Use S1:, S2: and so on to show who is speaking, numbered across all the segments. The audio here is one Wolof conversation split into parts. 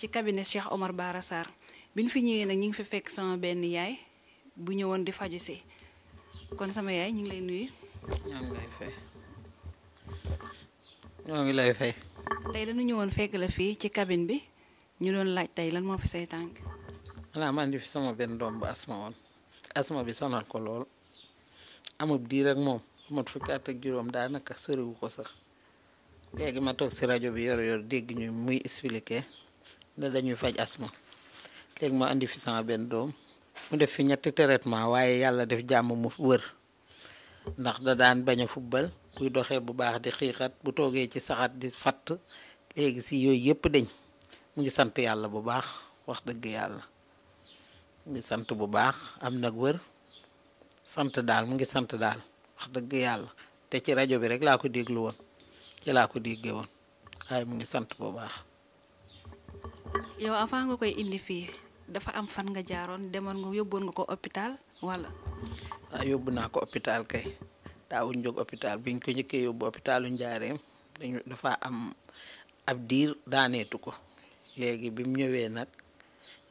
S1: ci kabine Cheikh Omar Bara Sarr bi ñu fi ñëwee nag ñu ngi fi fekk sama benn yaay bu ñëwoon di faju si kon sama yaay ñu ngi lay nuyu.
S2: ñoo ngi lay fay ñoo ngi lay
S1: tey dañu ñëwoon fekk la fii ci cabine bi ñu doon laaj tey lan moo fi say tànk.
S2: voilà man di fi sama benn doom bu asma woon asma bi sonal ko lool amub diir ak moom mat fukki at ak juróom daanaka soriwu ko sax léegi ma toog si rajo bi yor-yor dégg ñu muy expliqué ne dañuy faj asma léegi ma andi fi sama benn doom mu def fi ñetti traitement waaye yàlla def jàmm mu wër ndax da daan bañ a fubbal kuy doxee bu baax di xiixat bu toogee ci saxaat di fat léegi si yooyu yëpp dañ mu ngi sant yàlla bu baax wax dëgg yàlla mu ngi sant bu baax am nag wër sant daal mu ngi sant daal wax dëgg yàlla te ci rajo bi rek laa ko déglu woon ci laa ko déggee woon waaye mu ngi sant bu baax
S1: yow avant nga koy indi fii dafa am fan nga jaaroon deman nga yóbboon nga ko hôpital
S2: wala. Ah, yóbbu naa ko hôpital kay daawuñ jóg hôpital biñ koy njëkkee yóbbu hôpitalu Njaareem dañu dafa am ab diir daaneetu ko léegi bi mu ñëwee nag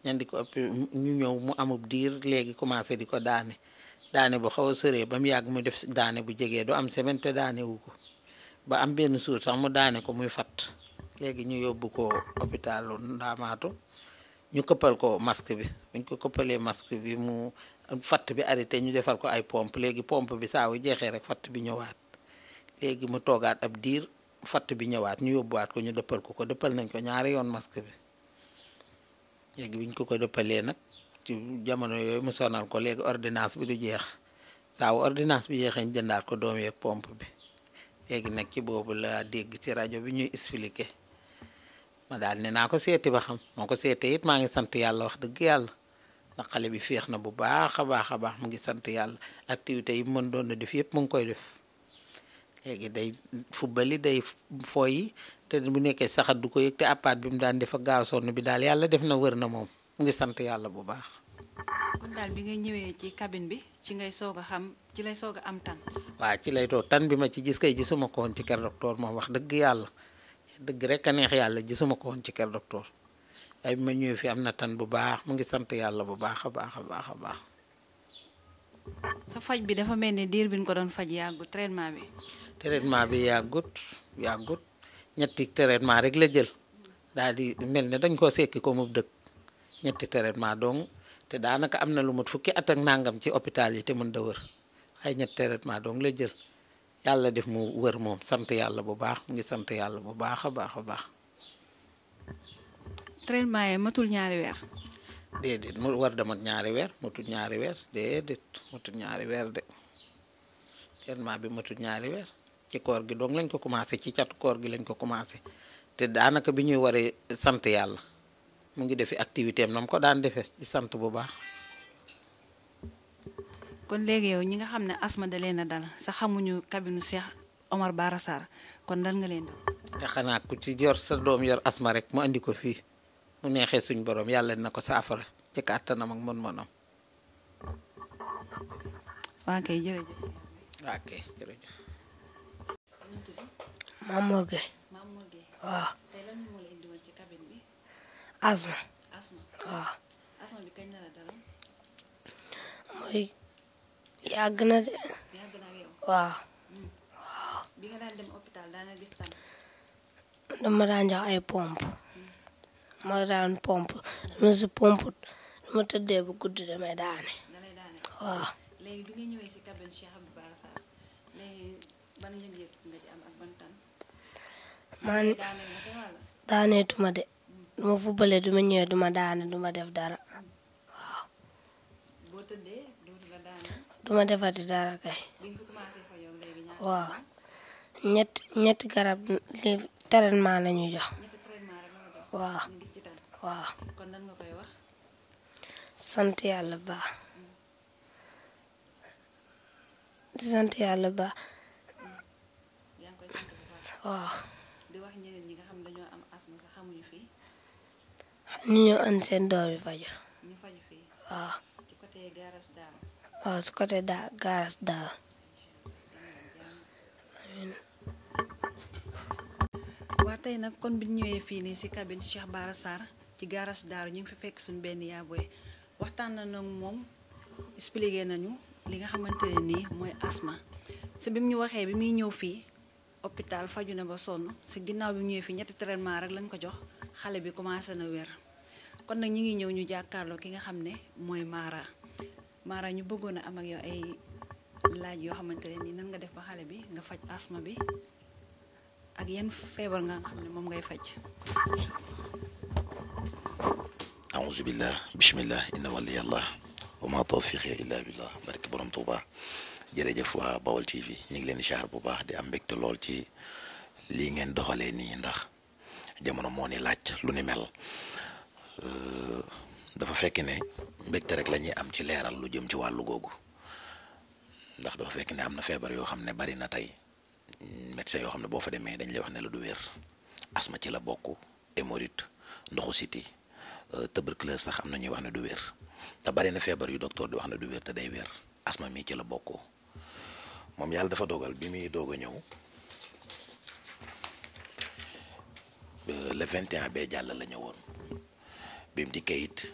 S2: ñandi ko ñu ñëw mu amub diir léegi commencé di ko daane daane bu xaw a sëree ba mu yàgg mu def daane bu jegee du am semaine te ko ba am benn suur sax mu daane ko muy fatt léegi ñu yóbbu ko hôpitalu Ndaamaatu ñu këppal ko masque bi buñ ko këppalee masque bi mu fatt bi arrêté ñu defal ko ay pompe léegi pompe bi saa jeexee rek fatt bi ñëwaat léegi mu toogaat ab diir fatt bi ñëwaat ñu yóbbuwaat ko ñu dëppal ko ko dëppal nañ ko ñaari yoon masque bi léegi biñ ko ko dëppalee nag ci jamono yooyu mu sonal ko léegi ordinance bi du jeex saa ordinance bi jeexee ñu jëndaat ko doom yeeg pompe bi léegi nag ci boobu laa dégg ci rajo bi ñuy expliqué ma daal ne naa ko seeti ba xam moo ko it maa ngi sant yàlla wax dëgg yàlla na xale bi féex na bu baax a baax a baax mu ngi sant yàlla activité yi mën doon na def yëpp mu ngi koy def léegi day fubbali day fooyi te bu nekkee saxat du ko yëg te appaat bi mu daan def ak gaasoon bi daal yàlla def na wër na moom mu ngi sant yàlla bu baax.
S1: kon daal bi nga ñëwee ci cabine bi ci ngay soog a xam ci lay soog
S2: am tan. waa ci lay too tan bi ma ci gis kay gisuma ko woon ci kër docteur moom wax dëgg yàlla. dëgg rek a neex yàlla gisuma ko woon ci kër docteur ay ma ñëwee fi am na tan bu baax mu ngi sant yàlla bu baax a baax a baax a baax.
S1: sa faj bi dafa mel ni diir bin ko doon faj yàggut traitement bi.
S2: traitement bi yàggut yàggut ñetti traitement rek la jël daal di mel ni dañ koo sekki ko mu dëkk ñetti traitement donc te daanaka am na lu mut fukki at ak nangam ci hôpital yi te mën da wër ay ñetti traitement donc la jël. yalla def mu wër mom sante yalla bu baax mu ngi sante yalla bu baax a baax a baax.
S1: traitement yi matul ñaari wër
S2: dedet mu war dama ñaari wër matul ñaari wër dedet matul ñaari wër de ma bi matul ñaari wër ci koor gi dong lañ ko commencé ci chat koor gi lañ ko commencé te danaka bi ñuy waree sant mu ngi defi activité am ko daan defee di sante bu baax.
S1: kon léegi yow ñi nga xam ne asma da leen a dal sa xamuñu kabinu Cheikh Omar Bara Sarr kon dal nga leen dal.
S2: te xanaa ku ci yor doom yor asma rek fii mu neexee suñ borom yàlla na ko saafara ci kàttanam ak mën-mënam.
S1: waa
S3: kay yàgg na de.
S1: waaw. waaw. gis tànn.
S3: dama daan jox ay pompe. ma daan pompe dama si pompe dama tëddee bu guddi damay daane.
S1: waaw. léegi
S3: daaneetuma de. duma fubale duma ñëwee duma daane duma def dara waaw. boo tëddee. duma defati dara kay waaw ñetti ñetti garab li traitement la ñuy jox waaw waaw sant yàlla baax di sant yàlla baax waaw ñu ñëw an seen doom yi faju waaw Oh, it's got a dark gas there.
S1: tay nak kon bi ñëwé e fi ni ci cabine Cheikh Bara Sarr ci garage dar ñu fi fekk suñu benn ya waxtaan na nak mom expliquer nañu li nga ni moy asthma asma bimu ñu waxé bi mi ñëw fi hôpital faju na ba sonn ci ginnaw bi mu fi ñetti traitement rek lañ ko jox xalé bi commencé na wër kon nak ñi ngi ñëw ñu jaakarlo ki nga xamné moy Mara Marah ñu bëggoon a am ak yow ay laaj yoo xamante ne ni nan nga def ba xale bi nga faj asma bi ak yan feebar nga xam ne moom ngay faj
S4: أعوذ بالله بسم الله إن ولي الله وما توفيقي إلا بالله بارك برام توبا Bawol TV ñu ngi leen xaar bu baax di am mbégte lool ci lii ngeen ndax jamono ni laaj lu ni dafa fekk ne mbégte rek la ñuy am ci leeral lu jëm ci wàllu googu ndax dafa fekk ne am na feebar yoo xam ne bari na tey médecin yoo xam ne boo fa demee dañ lay wax ne la du wér asma ci la bokk hémorroïde ndoxu siti euh, tuberculose sax am na ñuy wax ne du wér te bari na feebar yu docteur di wax ne du wér te asma mii ci la bokk moom yàlla dafa dogal bi muy doog a ñëw euh, le 21 bee jàll la ñëwoon bi mu dikkee it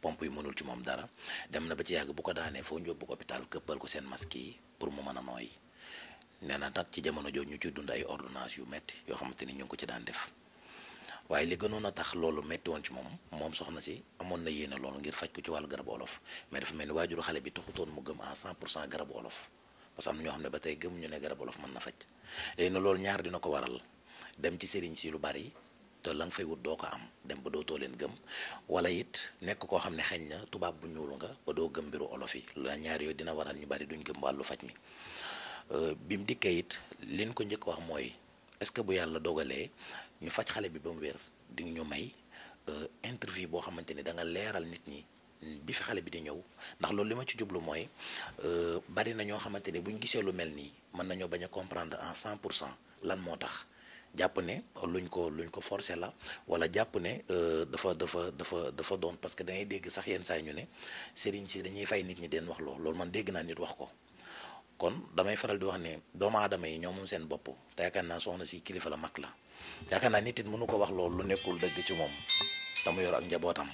S4: pompe yi mënul ci moom dara dem na ba ci yàgg bu ko daanee foo ñu yóbbu ko hôpital këppal ko seen maski pour mu mën a nooyi nee na nag ci jamono jooju ñu ci dund ay ordonnance yu métti yoo xamante ni ñu ko ci daan def waaye li gënoon a tax loolu metti woon ci moom moom soxna si amoon na yéene loolu ngir faj ko ci wàllu garabu olof mais dafa mel ni waajuru xale bi taxutoon mu gëm à pour cent garabu olof parce que am ñoo xam ne ba tey gëmuñu ne garabu olof mën na faj léegi na loolu ñaar dina ko waral dem ci sëriñ si lu bari te la nga fay wut doo ko am dem ba dootoo leen gëm wala it nekk koo xam ne xëy na tubaab bu ñuul nga ba doo gëm mbiru olof yi la ñaar yooyu dina waral ñu bari duñ gëm wàllu faj mi euh, bi mu dikkee it liñ ko njëkk wax mooy est-ce que bu yàlla dogalee ñu faj xale bi ba mu wér di ñu may euh, interview boo xamante ni da nga leeral nit ñi bi fi xale bi di ñëw ndax loolu li ma ci jublu mooy euh, bari na ñoo xamante ni buñ gisee lu mel nii mën nañoo bañ a comprendre en 100 pour cent lan moo tax. japp ne luñ ko luñ ko forcé la wala japp ne euh, dafa dafa dafa dafa don parce que dañay dégg sax yeen say ñu ne sëriñ ci dañuy fay nit ñi den wax lo lool man dégg na nit wax ko kon damay faral di wax ne doomu adama yi ñoo seen bop ta yakkan na soxna si kilifa la mak la yakkan na nit mënu ko wax lool lu nekkul dëgg ci moom dama yor ak njabotam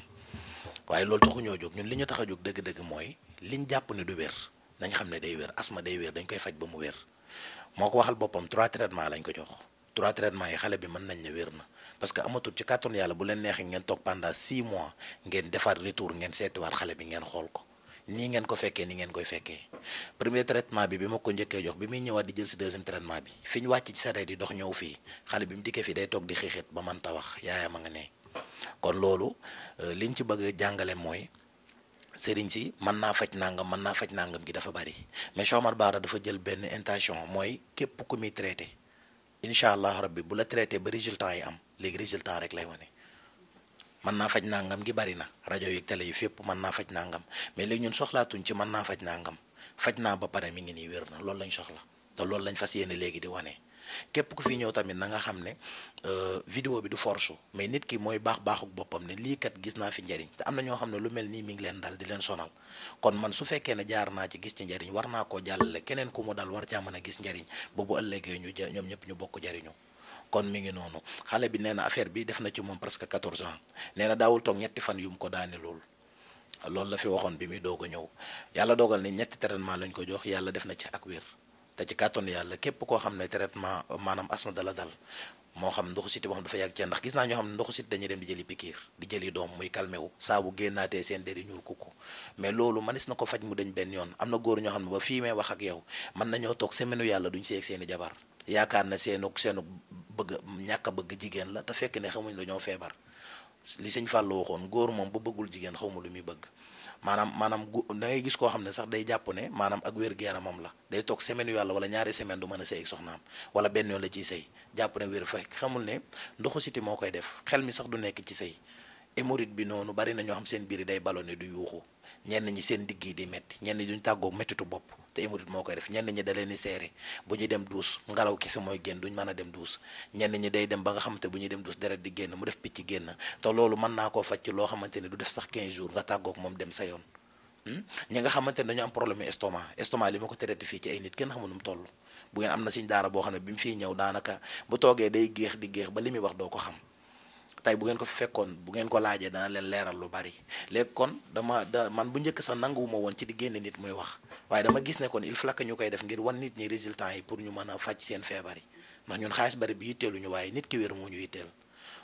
S4: waye lool taxu ñoo jog ñun liñu ñu jog dëgg-dëgg moy liñ japp ne du wër nañ xamne day wër asma day wër dañ koy faj ba mu wër moko waxal bopam trois traitements lañ ko jox trois traitements yi xale bi mën nañ ne wér na parce que amatul ci kàttanu yàlla bu leen neexee ngeen toog pendant six mois ngeen defaat retour ngeen seetiwaat xale bi ngeen xool ko nii ngeen ko feke ni ngeen koy primi premier traitement bi bi mo ko njëkkee jox bi mi ñëwaat di jël si deuxième traitement bi fi ñu cik ci di yi dox ñëw fii bi mu dikkee fi day tok di xiixit ba man wax yaayam a nga ne kon loolu liñ ci bëgg a jàngale mooy sëriñ si man naa faj nangam man na faj nangam gi dafa bari mais Cheikh Bara dafa jël intention képp ku incha allah rabbi bu la traité ba résultat yi am léegi résultat rek lay wane mën naa faj nangam gi bari na rajo yeeg télé yi fépp mën naa faj nangam mais léegi ñun soxlaatuñ ci mën naa faj nangam faj naa ba pare mi ngi ni wér na loolu lañ soxla. te loolu lañ fas yéene léegi di wane képp ku fi ñëw tamit na nga xam ne euh, vidéo bi du force mais nit ki mooy baax baaxuk boppam ne lii kat gis naa fi njariñ te am na ñoo xam ne lu mel nii mi ngi leen dal di leen sonal kon man su fekkee ne jaar naa ci gis ci njariñ war naa koo jàllale keneen ku mu daal war caa mën a gis njariñ ba bu ëllëgee ñu ñoom ñëpp ñu bokk jariñu kon mi ngi noonu xale bi nee na affaire bi def na ci moom presque 14 ans nee na daawul toog ñetti fan yu mu ko daane lool loolu la fi waxoon bi muy doog a ñëw yàlla dogal ni ñetti traitement lañ ko jox yàlla def na ci ak wér te ci kàttanu yàlla képp ko xam ne traitement euh, maanaam asma dala dal moo xam ndoxu siti xam dafa yàgg cee ndax gis naa ñoo xam ne ndoxu siti dañuy dem di jëli pikiir di jëli doom muy calmé wu saa bu génnaatee seen deri ñuul kukku mais loolu manis na ko faj mu dañ benn yoon am na góor ñoo xam ne ba fii may wax ak yow mën nañoo toog semaine u yàlla duñ seeg seen i jabar yaakaar na seenu seenu bëgg ñàkk bëgg jigéen la te fekk ne xamuñ la ñoo feebar li sëñ Fallou waxoon góor moom bu bëggul jigéen xaw ma lu muy bëgg maanaam maanaam gu gis koo xam ne sax day jàpp ne maanaam ak wér-gu-yaramam la day toog semaine yu yàlla wala ñaari semaine du mën a sëy ak soxnaam benn yoon la ciy sëy jàpp ne wér fa xamul ne ndoxu siti moo koy def xel mi sax du nekk ci sëy hémorroïde bi noonu bari na ñoo xam seen biir day ballonné du yuuxu ñenn ñi seen digg yi di métti ñenn ñi duñ tàggoo méttitu bopp te hémorroïde moo koy def ñenn ñi da leen di seere bu ñuy dem duus ngelaw duñ mën a dem ñenn ñi day dem ba nga xamante bu ñu dem duus deret di génn mu def picc génn te loolu mën naa koo faj ci loo xamante ne du def sax 15 jours nga tàggoog moom dem sa yoon hmm? ñi nga xamante ne dañu am problème estomac estomac li ma ko traité fii ci ay nit kenn xamul nu mu toll bu ngeen am na siñ daara boo xam ne bi mu fiy ñëw daanaka bu toogee day géex di géex ba li muy wax doo ko xam tey bu ngeen ko fekkoon bu ngeen laajee dana leen leeral lu bari léegi kon dama da man bu njëkk sax nanguwuma woon ci di génne nit muy wax waaye dama gis ne kon il faut que ñu koy def ngir wan nit ñi résultat yi pour ñu mën a faj seen feebar yi ndax xaalis bari bi yitteeluñu waaye nit ki wér moo ñu yitteel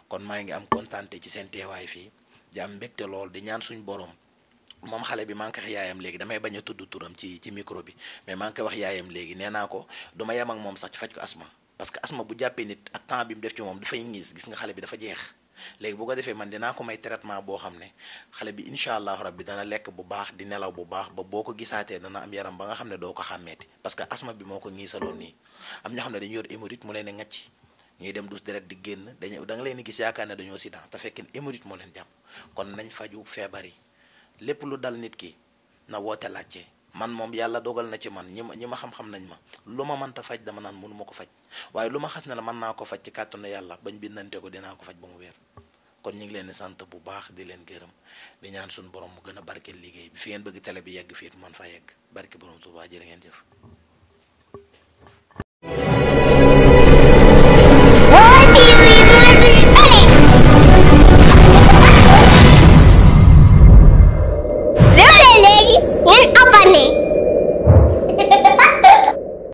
S4: kon maa ngi am kontaante ci seen teewaay fii di am mbégte lool di ñaan suñu borom. moom xale bi maa ngi koy yaayam léegi damay baña tudd turam ci ci micro bi mais maa ngi koy wax yaayam léegi nee naa ko du ma yem ak moom sax ci faj ko asma parce que asma bu jàppee nit ak mu def ci moom dafay ñiis gis nga xale bi dafa jeex léegi bu ko defee man dinaa ko may traitement boo xam ne xale bi incha allahu bi dana lekk bu baax di nelaw bu baax ba boo ko gisaatee dana am yaram ba nga xam ne doo ko xàmmeeti parce que asma bi moo ko ñiisaloon nii am ñoo xam ne dañu yor hémorroïde mu leen ne ngacc ñuy dem dus deret di nga leen gis yaakaar ne dañoo sida te fekk hémorroïde moo leen jàpp kon nañ faju feebar yi lépp lu dal nit ki na woote laajte man moom yàlla dogal na ci man ñi ma ñi ma xam-xam nañ ma lu ma mënta fa dama naan mënu ko faj waaye lu ma xas ne mën naa ko faj ci kàttanu yàlla bañ bindante ko dinaa ko faj ba mu wér kon ñu ngi leen di sant bu baax di leen gërëm di ñaan suñu borom mu gën a barkeel liggéey bi fi ngeen bëgg tele bi yegg fii man fa yegg barke borom Tuubaa jërë ngeen jëf